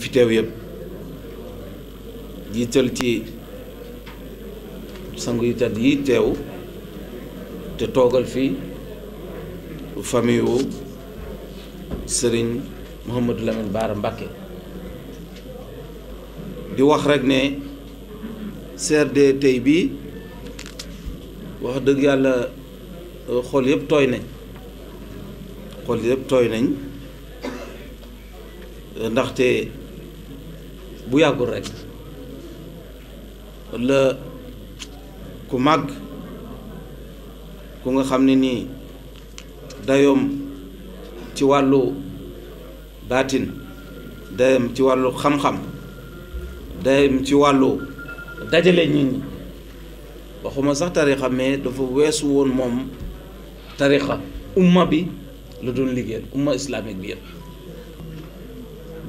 fi teew yëpp jiital ci sang yu tedd yi teew te toogal fi famille sëriñ Serigne Mouhamadou Lamine mbakke di wax rek ne CRD tey bii wax dëgg yàlla euh, xol yëpp tooy nañ xol yëpp tooy nañ ndaxte bu yàggul rek la ku màgg ku nga xam ne nii dayoom ci wàllu baatin dayoom ci wàllu xam-xam dayoom ci wàllu dajale nit ñi waxuma sax tarixa mais dafa weesu woon moom tarixa umma bi la doon liggéeyal umma islamique bi yëpp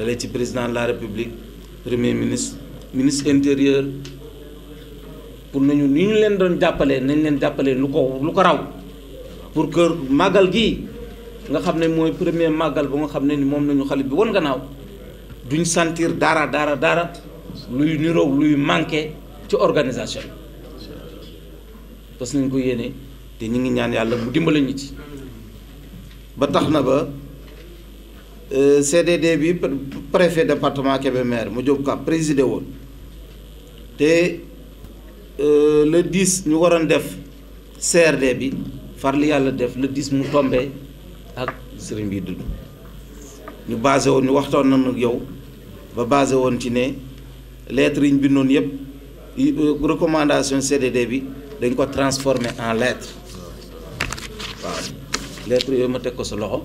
dalee ci président de la république premier ministre ministre intérieur pour nañu ni ñu leen doon jàppalee nañ leen jàppalee lu ko lu ko raw pour kër màggal gi nga xam ne mooy premier màggal bu nga xam ne ni moom nañu xale bi woon gannaaw duñ sentir dara dara dara luy niroo luy manqué ci organisation parce que nañ ko yéene te ñu ngi ñaan yàlla mu dimbale ñu ci ba tax na ba Euh, CDD bi préfet département Kébémer mu jóg ka présider euh, le 10 ñu waron def CRD bi far li le 10 mu tombé ak sëriñ bi dudd ñu basé won ñu nañu yow ba basé ci lettres euh, recommandation CDD bi dañ ko en lettre waaw lettres sont ma ko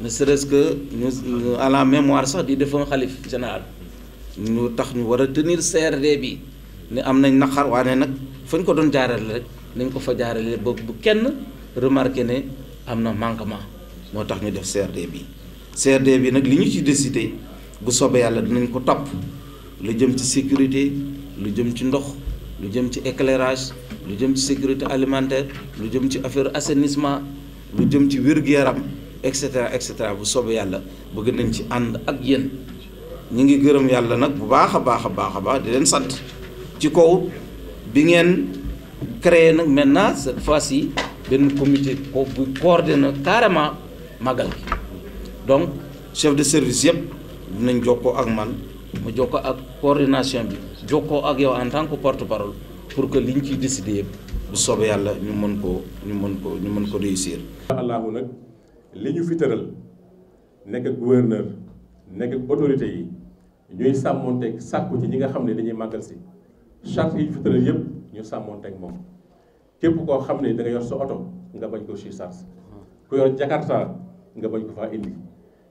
ne serait-ce que ñu à la mémoire sax di defoon xalif général ñu tax ñu war a tenir CRD bi ne am nañ naqar waaye nag fañ ko doon jaarale rek nañ ko fa jaarale ba bu kenn remarqué ne am na manquement moo tax ñu def CRD bi CRD bi nag li ñu ci décidé bu soobee yàlla dinañ ko topp lu jëm ci sécurité lu jëm ci ndox lu jëm ci éclairage lu jëm ci sécurité alimentaire lu jëm ci affaire assainissement lu jëm ci wér-gu-yaram et cetera et cetera bu soobee yàlla bëgg nañ ci ànd ak yéen ñu ngi gërëm yàlla nag bu baax a baax baax di leen sant ci kaw bi ngeen créé nag maintenant cette fois-ci ben comité ko bu coordonné carrément màggal donc chef de service yeb dinañ joko ak man mu joko ak coordination bi joko ak yow en tant que porte-parole pour que liñ ci décider yeb bu sobe yalla ñu mën ko ñu mën ko ñu mën ko réussir. allahu nak li ñu fi tëral nekk ak gouverneur nekk ak autorité yi ñuy sàmmonteeg sàkku ci ñi nga xam ne dañuy màggal si charte yi ñu fi tëral yëpp ñu sàmmonteeg moom képp koo xam ne da yor sa oto nga bañ ko surcharge ku yor jakarta nga bañ ko faa indi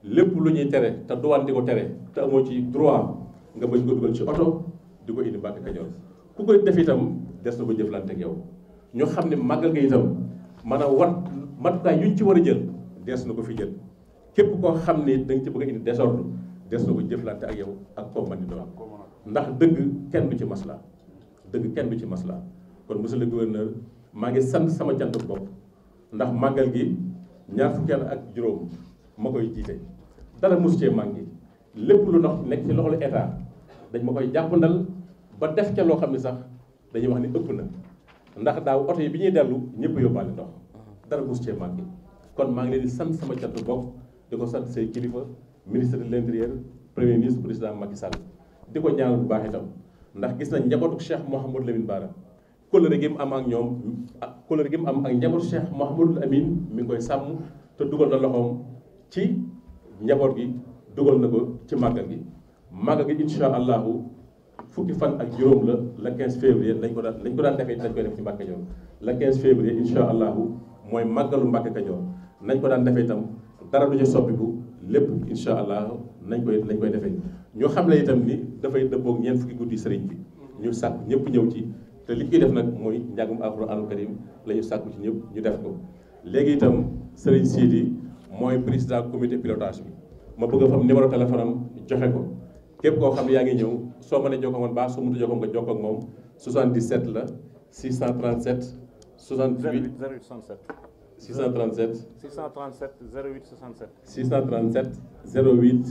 lépp lu ñuy tere te duwaan ko tere te amoo ci droit nga bañ ko dugal ci oto di ko indi Mbàkke Kajoor ku koy def itam des na ba jëflante ak yow ñu xam ne màggal nga itam mën a wat matukaay yuñ ci war a jël dees na ko fi jël képp koo xam ne da nga ci bëgg a indi désordre dees na ko jëflante ak yow ak koo mën di ndax dëgg kenn du ci masla dëgg kenn du ci masla kon monsieur le gouverneur maa ngi sant sama cant bopp ndax màggal gi ñaar fukki at ak juróom ma koy jiite dara mosu cee màngi lépp lu ndox nekk ci loxolu état dañ ma koy jàppandal ba def ca loo xam ne sax dañuy wax ne ëpp na ndax daaw oto yi bi ñuy dellu ñëpp yóbbaale ndox dara mosu cee màngi kon maa ngi leen di sant sama catu bopp di ko sant say kilifa ministre de l' intérieur premier ministre président Macky Sall di ko ñaanal bu baax tam ndax gis nañ njabootu Cheikh Mouhamadou Lamine Bara kóllëre gi mu am ak ñoom ak kóllëre gi mu am ak njabootu Cheikh Mouhamadou Amine mi ngi koy sàmm te dugal na loxoom ci njaboot gi dugal na ko ci màggal gi màggal gi incha allahu fukki fan ak juróom la le 15 février lañ ko daal lañ ko daan defee dañ koy def ci Mbàkke Kajoor le 15 février incha allahu mooy màggalu Mbàkke Kajoor nañ ko daan defee itam dara du ca bu lépp incha allah nañ koy lañ koy defee ñu xam le itam ni dafay dëppoog ñeent fukki guddi sëriñ bi ñu sàkk ñëpp ñëw ci te li koy def nag mooy njàngum alxuraanu karim la ñu sàkku ci ñëpp ñu def ko léegi itam sëriñ Sidi mooy président comité pilotage bi ma bëgg a fam numéro téléphone am joxe ko képp koo xam ne yaa ngi ñëw soo ma mënee jokkoo man baax soo mënut a jokkoo nga jokkoo ak moom 77 la 637 68 067 637. 637 08 67. 637 08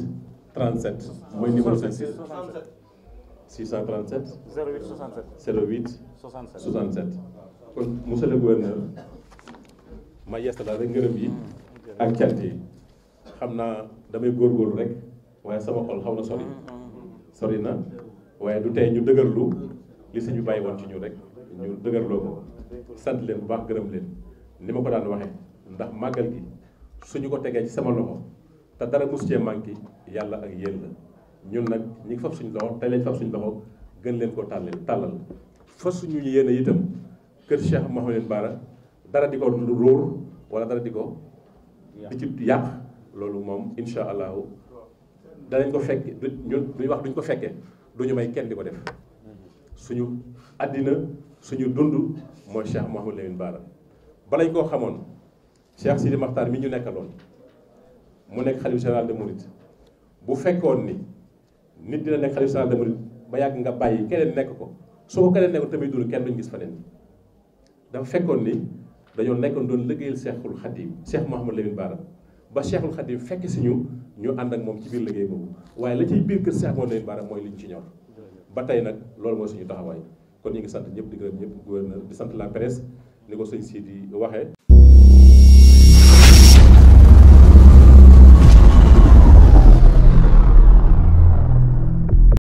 37. moy 67. 637. 08 67. 67 monsieur le gouverneur ma yeesalaat rek ngërëm yi ak xamna damay rek waye sama xol xawna sori. sori na waye du tay ñu li ci ñu rek ñu sant ni ma ko daan waxee ndax màggal gi suñu ko tegee ci sama loxo te dara mos cee manqué yàlla ak yéen la ñun nag ñi ngi fab suñu loxo tey lañ fab suñu loxo gën leen ko tàllal tàllal fa suñu yéene itam kër Cheikh Mouhamadou Bara dara di ko róor wala dara di ko di ci yàq loolu moom insha allahu danañ ko fekke du ñu wax duñ ko fekkee ñu may kenn di ko def mm-hmm. suñu àddina suñu dund mooy Cheikh Mouhamadou Lamine Bara balañ koo xamoon Cheikh Sidi Makhtar mi ñu nekkaloon mu nekk xalif général de Mouride bu fekkoon ni nit dina nekk xalif général de ba yàgg nga bàyyi keneen nekk ko soo ko keneen nekkoon tamit dul kenn duñ gis feneen dafa fekkoon ni dañoo nekkoon doon liggéeyal Cheikhul Khadim Cheikh Mouhamad Lamine Bara ba Cheikhul Khadim fekk si ñu ñu ànd ak moom ci biir liggéey boobu waaye la ciy biir kër Cheikh Mouhamad Lamine Bara mooy liñ ci ñor ba tey nag loolu mooy suñu taxawaay kon ñu ngi sant ñëpp di gërëm ñëpp gouverneur di sant la presse ni ko sëñ si di waxee